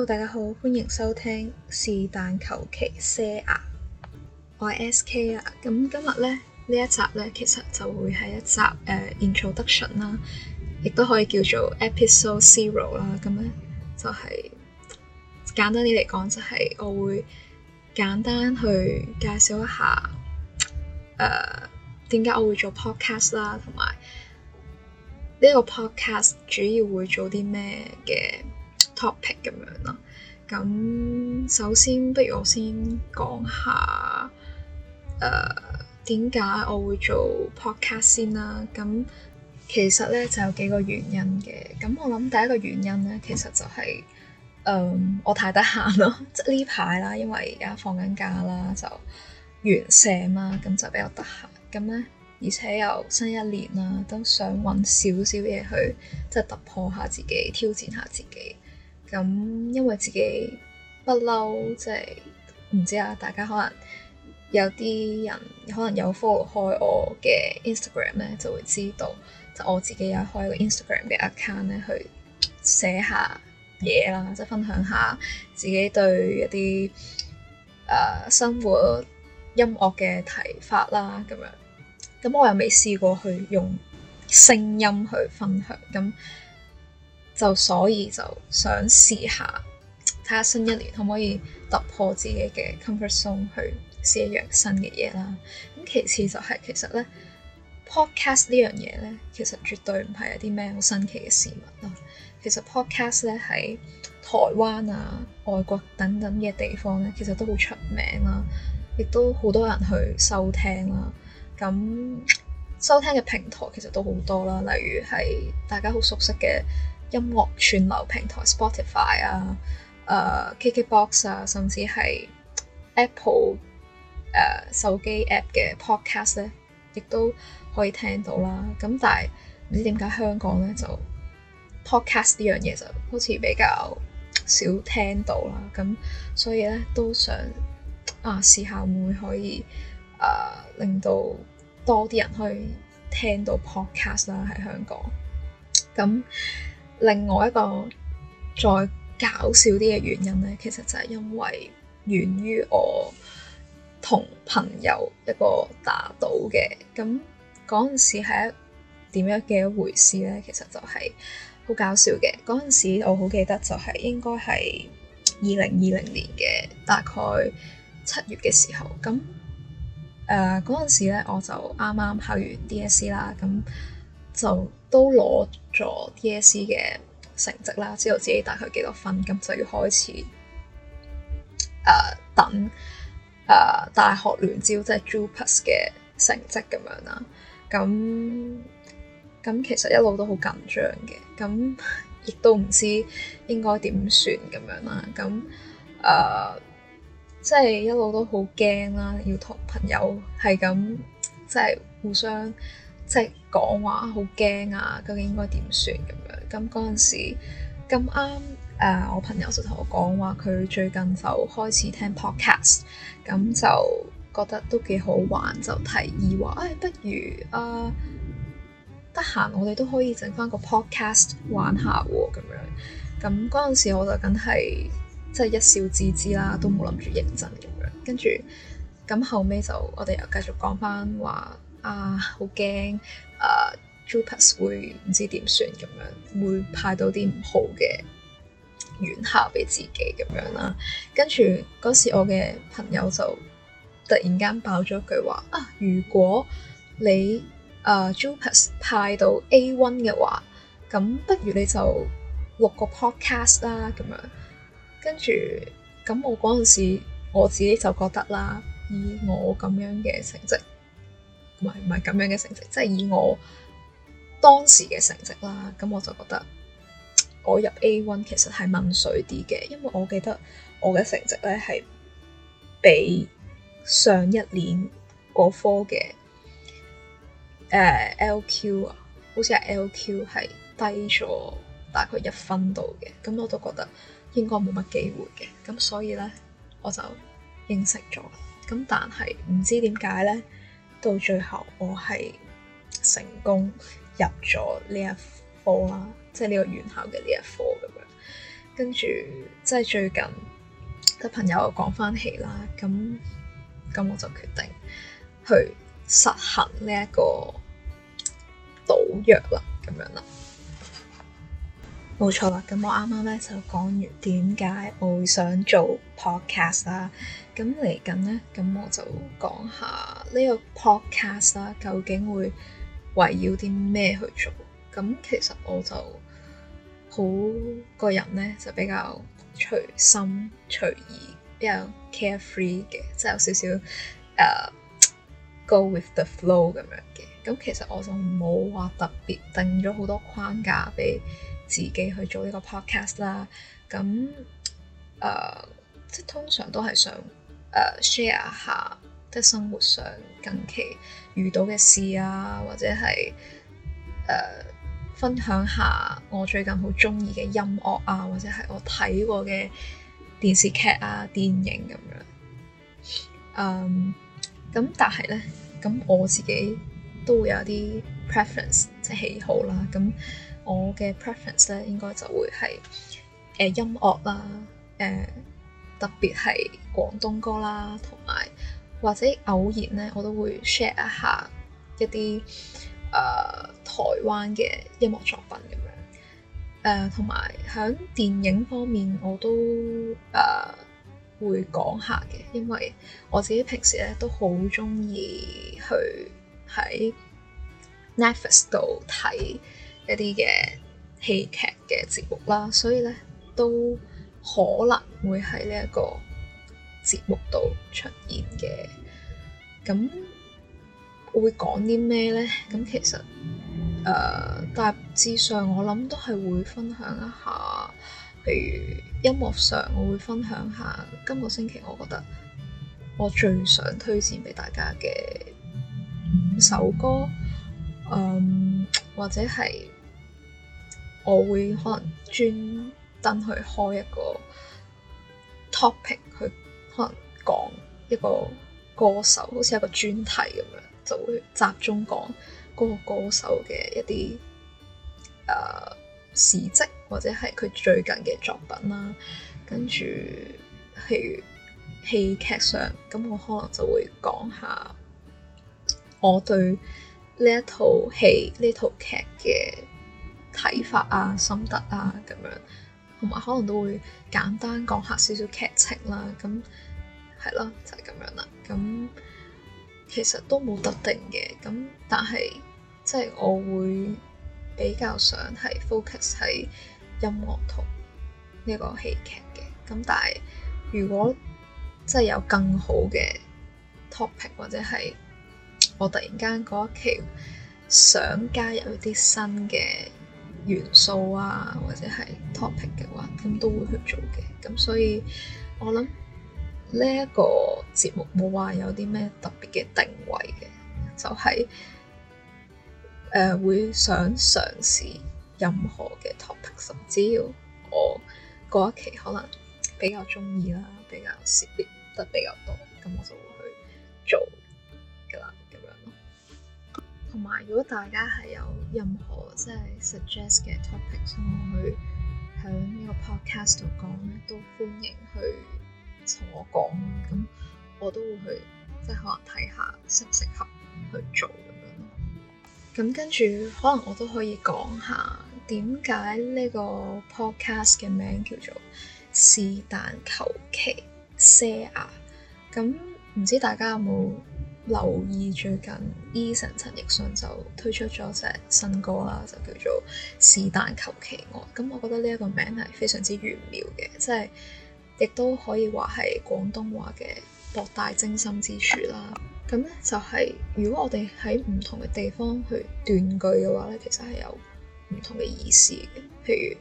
Hello, 大家好，歡迎收聽隨便隨便是但求其些牙，我係 S K 啊。咁今日咧呢一集咧，其實就會係一集誒、uh, introduction 啦，亦都可以叫做 episode zero 啦、就是。咁咧就係簡單啲嚟講，就係我會簡單去介紹一下誒點解我會做 podcast 啦，同埋呢個 podcast 主要會做啲咩嘅。topic 咁樣咯，咁首先不如我先講下，誒點解我會做 podcast 先啦、啊？咁其實咧就有幾個原因嘅，咁我諗第一個原因咧，其實就係、是、誒、呃、我太得閒咯，即係呢排啦，因為而家放緊假啦，就完社嘛，咁就比較得閒，咁咧而且又新一年啦，都想搵少少嘢去即係、就是、突破下自己，挑戰下自己。咁因為自己不嬲，即係唔知啊！大家可能有啲人可能有 follow 開我嘅 Instagram 咧，就會知道。就我自己有開個 Instagram 嘅 account 咧，去寫下嘢啦，即係、嗯、分享下自己對一啲誒、uh，生活音樂嘅睇法啦咁樣。咁我又未試過去用聲音去分享咁，就所以就想試下睇下新一年可唔可以突破自己嘅 comfort zone 去試一樣新嘅嘢啦。咁其次就係、是、其實咧 podcast 呢樣嘢咧，其實絕對唔係一啲咩好新奇嘅事物啦。其實 podcast 咧喺台灣啊、外國等等嘅地方咧，其實都好出名啦，亦都好多人去收聽啦。咁收聽嘅平台其實都好多啦，例如係大家好熟悉嘅。音樂串流平台 Spotify 啊、誒 KKBox 啊，甚至係 Apple 誒手機 App 嘅 Podcast 咧，亦都可以聽到啦。咁但係唔知點解香港咧，就 Podcast 呢樣嘢就好似比較少聽到啦。咁所以咧，都想啊試下會唔會可以誒令到多啲人可以聽到 Podcast 啦，喺香港咁。另外一個再搞笑啲嘅原因呢，其實就係因為源於我同朋友一個打賭嘅，咁嗰陣時係一點樣嘅一回事呢，其實就係好搞笑嘅。嗰陣時我好記得就係應該係二零二零年嘅大概七月嘅時候，咁誒嗰陣時咧我就啱啱考完 DSE 啦，咁。就都攞咗 DSE 嘅成績啦，知道自己大概幾多分，咁就要開始誒、呃、等誒、呃、大學聯招即係 JUPAS 嘅成績咁樣啦。咁咁其實一路都好緊張嘅，咁亦都唔知應該點算咁樣啦。咁誒即係一路都好驚啦，要同朋友係咁即係互相。即係講話好驚啊！究竟應該點算咁樣？咁嗰陣時咁啱，誒、呃、我朋友就同我講話，佢最近就開始聽 podcast，咁就覺得都幾好玩，就提議話：誒、哎，不如啊，得、呃、閒，我哋都可以整翻個 podcast 玩下喎咁樣。咁嗰陣時我就梗係即係一笑置之啦，都冇諗住認真咁樣。跟住咁後尾就我哋又繼續講翻話。啊，好驚！啊，Jupas 會唔知點算咁樣，會派到啲唔好嘅院校俾自己咁樣啦。跟住嗰時我嘅朋友就突然間爆咗句話：啊，如果你啊 Jupas 派到 A1 嘅話，咁不如你就錄個 podcast 啦咁樣。跟住咁，我嗰陣時我自己就覺得啦，以我咁樣嘅成績。唔係唔係咁樣嘅成績，即係以我當時嘅成績啦，咁我就覺得我入 A1 其實係問水啲嘅，因為我記得我嘅成績咧係比上一年嗰科嘅誒 LQ 啊，好似係 LQ 係低咗大概一分度嘅，咁我都覺得應該冇乜機會嘅，咁所以咧我就認識咗，咁但係唔知點解咧？到最後，我係成功入咗呢一科啦，即係呢個院校嘅呢一科咁樣。跟住即係最近得朋友講翻起啦，咁咁我就決定去實行呢一個賭約啦，咁樣啦。冇錯啦，咁我啱啱咧，就講完點解我會想做 podcast 啦，咁嚟緊咧，咁我就講下呢個 podcast 啦，究竟會圍繞啲咩去做？咁其實我就好個人咧，就比較隨心隨意，比較 carefree 嘅，即係有少少誒 go with the flow 咁樣嘅。咁其實我就冇話特別定咗好多框架俾自己去做呢個 podcast 啦。咁誒、呃，即係通常都係想誒 share、呃、下即係生活上近期遇到嘅事啊，或者係誒、呃、分享下我最近好中意嘅音樂啊，或者係我睇過嘅電視劇啊、電影咁、啊、樣。嗯，咁但係咧，咁我自己，都會有啲 preference 即係喜好啦，咁我嘅 preference 咧應該就會係誒、呃、音樂啦，誒、呃、特別係廣東歌啦，同埋或者偶然咧我都會 share 一下一啲誒、呃、台灣嘅音樂作品咁樣，誒同埋喺電影方面我都誒、呃、會講下嘅，因為我自己平時咧都好鍾意去。喺 Netflix 度睇一啲嘅戲劇嘅節目啦，所以咧都可能會喺呢一個節目度出現嘅。咁我會講啲咩咧？咁其實誒、呃、大致上我諗都係會分享一下，譬如音樂上，我會分享下今個星期我覺得我最想推薦俾大家嘅。首歌，嗯，um，或者係我會可能專登去開一個 topic 去可能講一個歌手，好似一個專題咁樣，就會集中講個歌手嘅一啲誒事跡，或者係佢最近嘅作品啦。跟住，譬如戲劇上，咁我可能就會講下。我對呢一套戲、呢套劇嘅睇法啊、心得啊咁樣，同埋可能都會簡單講下少少劇情啦。咁係咯，就係、是、咁樣啦。咁其實都冇特定嘅，咁但係即係我會比較想係 focus 喺音樂同呢個戲劇嘅。咁但係如果即係、就是、有更好嘅 topic 或者係～我突然間嗰一期想加入一啲新嘅元素啊，或者係 topic 嘅話，咁都會去做嘅。咁所以我諗呢一個節目冇話有啲咩特別嘅定位嘅，就係、是、誒、呃、會想嘗試任何嘅 topic，甚至要我嗰一期可能比較鍾意啦，比較涉獵得比較多，咁我就會去做㗎啦。同埋如果大家係有任何即係 suggest 嘅 topic，想我去響呢個 podcast 度講咧，都歡迎去同我講，咁我都會去即係可能睇下適唔適合去做咁樣。咁跟住可能我都可以講下點解呢個 podcast 嘅名叫做是但求其些牙。咁唔知大家有冇？留意最近 Eason 陳奕迅就推出咗隻新歌啦，就叫做《是但求其愛》。咁我覺得呢一個名係非常之玄妙嘅，即係亦都可以話係廣東話嘅博大精深之處啦。咁呢就係、是、如果我哋喺唔同嘅地方去斷句嘅話呢，其實係有唔同嘅意思嘅。譬如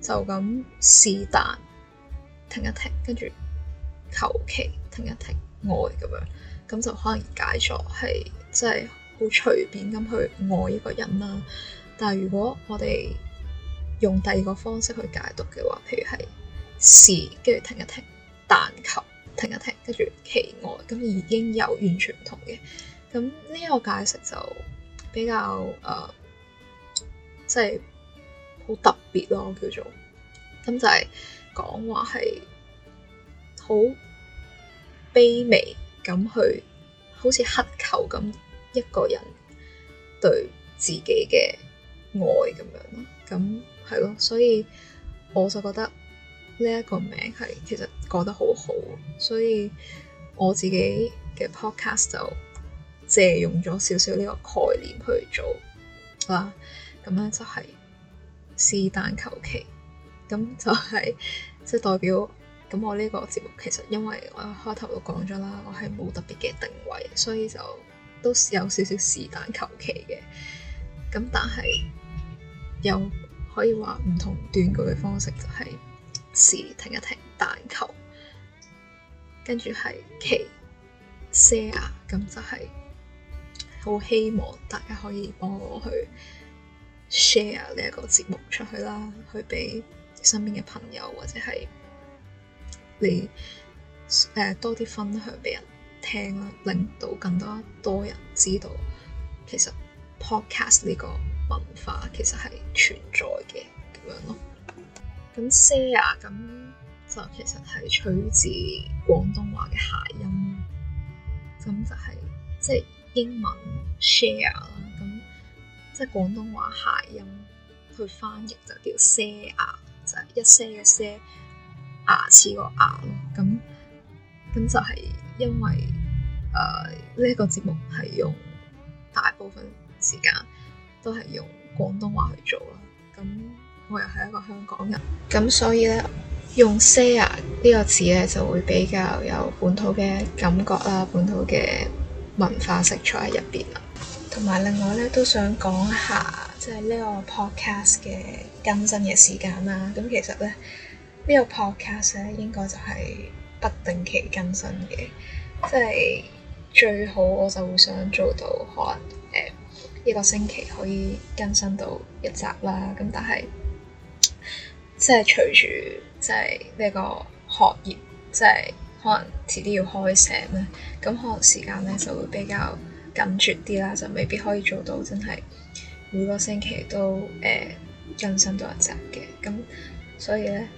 就咁是但停一停，跟住求其停一停愛咁樣。咁就可能解作係即係好隨便咁去愛一個人啦。但係如果我哋用第二個方式去解讀嘅話，譬如係是跟住停一停，但求停一停，跟住其愛，咁已經有完全唔同嘅。咁呢一個解釋就比較誒，即係好特別咯，叫做咁就係講話係好卑微。咁去好似乞求咁，一個人對自己嘅愛咁樣咯。咁係咯，所以我就覺得呢一個名係其實講得好好，所以我自己嘅 podcast 就借用咗少少呢個概念去做啦。咁樣就係是但求其，咁就係即係代表。咁我呢個節目其實，因為我一開頭都講咗啦，我係冇特別嘅定位，所以就都有少少是但求其嘅。咁但係又可以話唔同斷句嘅方式，就係是停一停，但求跟住係其 share，咁就係好希望大家可以幫我去 share 呢一個節目出去啦，去畀身邊嘅朋友或者係。你誒、呃、多啲分享俾人聽啦，令到更多多人知道其實 podcast 呢個文化其實係存在嘅，咁樣咯。咁 share 咁就其實係取自廣東話嘅諧音，咁就係即係英文 share 啦，咁即係廣東話諧音去翻譯就叫 share，就係一些一些。牙齒個牙咯，咁咁就係因為誒呢一個節目係用大部分時間都係用廣東話去做啦，咁我又係一個香港人，咁所以咧用 share 啊呢個字咧就會比較有本土嘅感覺啦，本土嘅文化色彩喺入邊啦。同埋另外咧都想講下即係呢個 podcast 嘅更新嘅時間啦、啊，咁其實咧。呢個 podcast 咧應該就係不定期更新嘅，即係最好我就會想做到可能誒、呃、一個星期可以更新到一集啦。咁但係即係隨住即係呢個學業，即係可能遲啲要開寫咧，咁可能時間咧就會比較緊絕啲啦，就未必可以做到真係每個星期都誒、呃、更新到一集嘅。咁所以咧～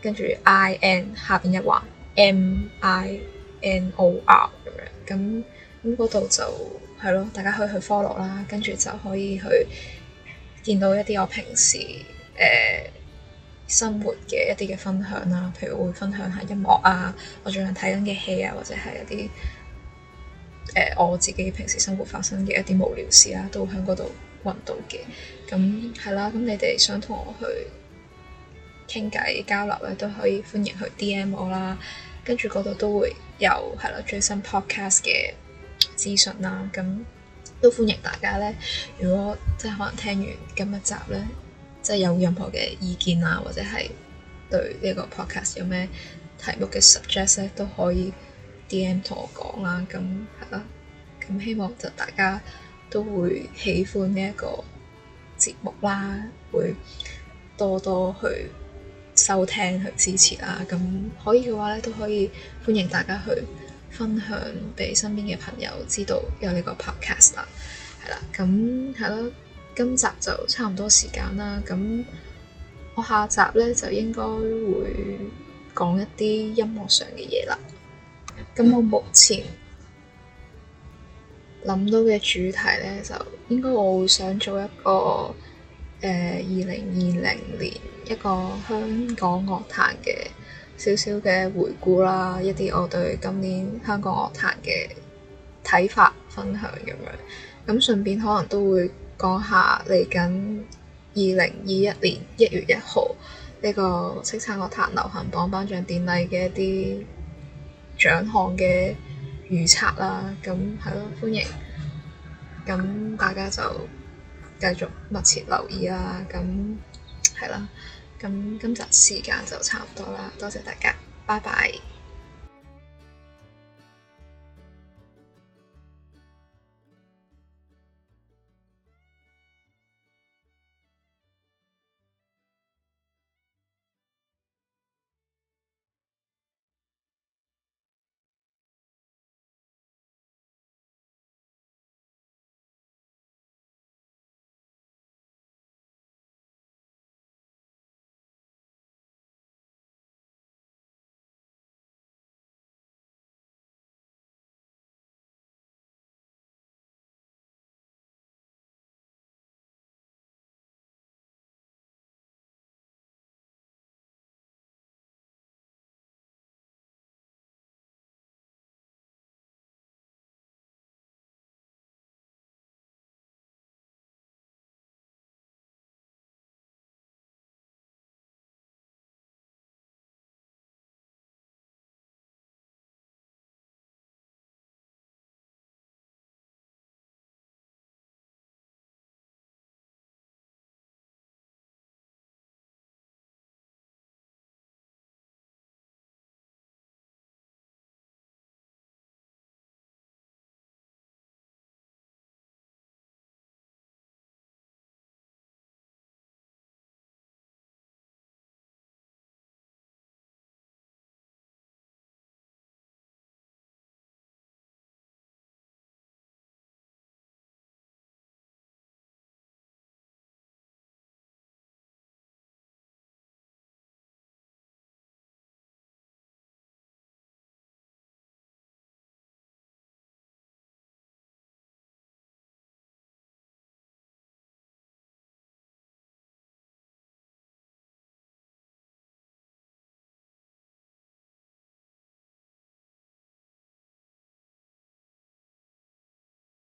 跟住 I N 下邊一橫 M I N O R 咁樣，咁咁嗰度就係咯，大家可以去 follow 啦，跟住就可以去見到一啲我平時誒、呃、生活嘅一啲嘅分享啦，譬如我會分享下音樂啊，我最近睇緊嘅戲啊，或者係一啲誒、呃、我自己平時生活發生嘅一啲無聊事啦，都會喺嗰度揾到嘅。咁係啦，咁、嗯、你哋想同我去傾偈交流咧，都可以，歡迎去 DM 我啦，跟住嗰度都會有係啦，最新 podcast 嘅資訊啦，咁都歡迎大家咧。如果即係可能聽完今一集咧，即係有任何嘅意見啊，或者係對呢一個 podcast 有咩題目嘅 suggest 咧，都可以 DM 同我講啦。咁係啦，咁希望就大家都會喜歡呢一個節目啦，會多多去收聽去支持啦，咁可以嘅話咧都可以歡迎大家去分享俾身邊嘅朋友知道有呢個 podcast 啦，係啦，咁係咯，今集就差唔多時間啦，咁我下集咧就應該會講一啲音樂上嘅嘢啦，咁我目前諗到嘅主題咧就應該我會想做一個。誒二零二零年一個香港樂壇嘅少少嘅回顧啦，一啲我對今年香港樂壇嘅睇法分享咁樣，咁順便可能都會講下嚟緊二零二一年一月一號呢個叱咤樂壇流行榜頒，頒，頒獎典禮嘅一啲獎項嘅預測啦，咁係囉，歡迎，咁大家就～繼續密切留意啦，啊，咁係啦，咁今集時間就差唔多啦，多謝大家，拜拜。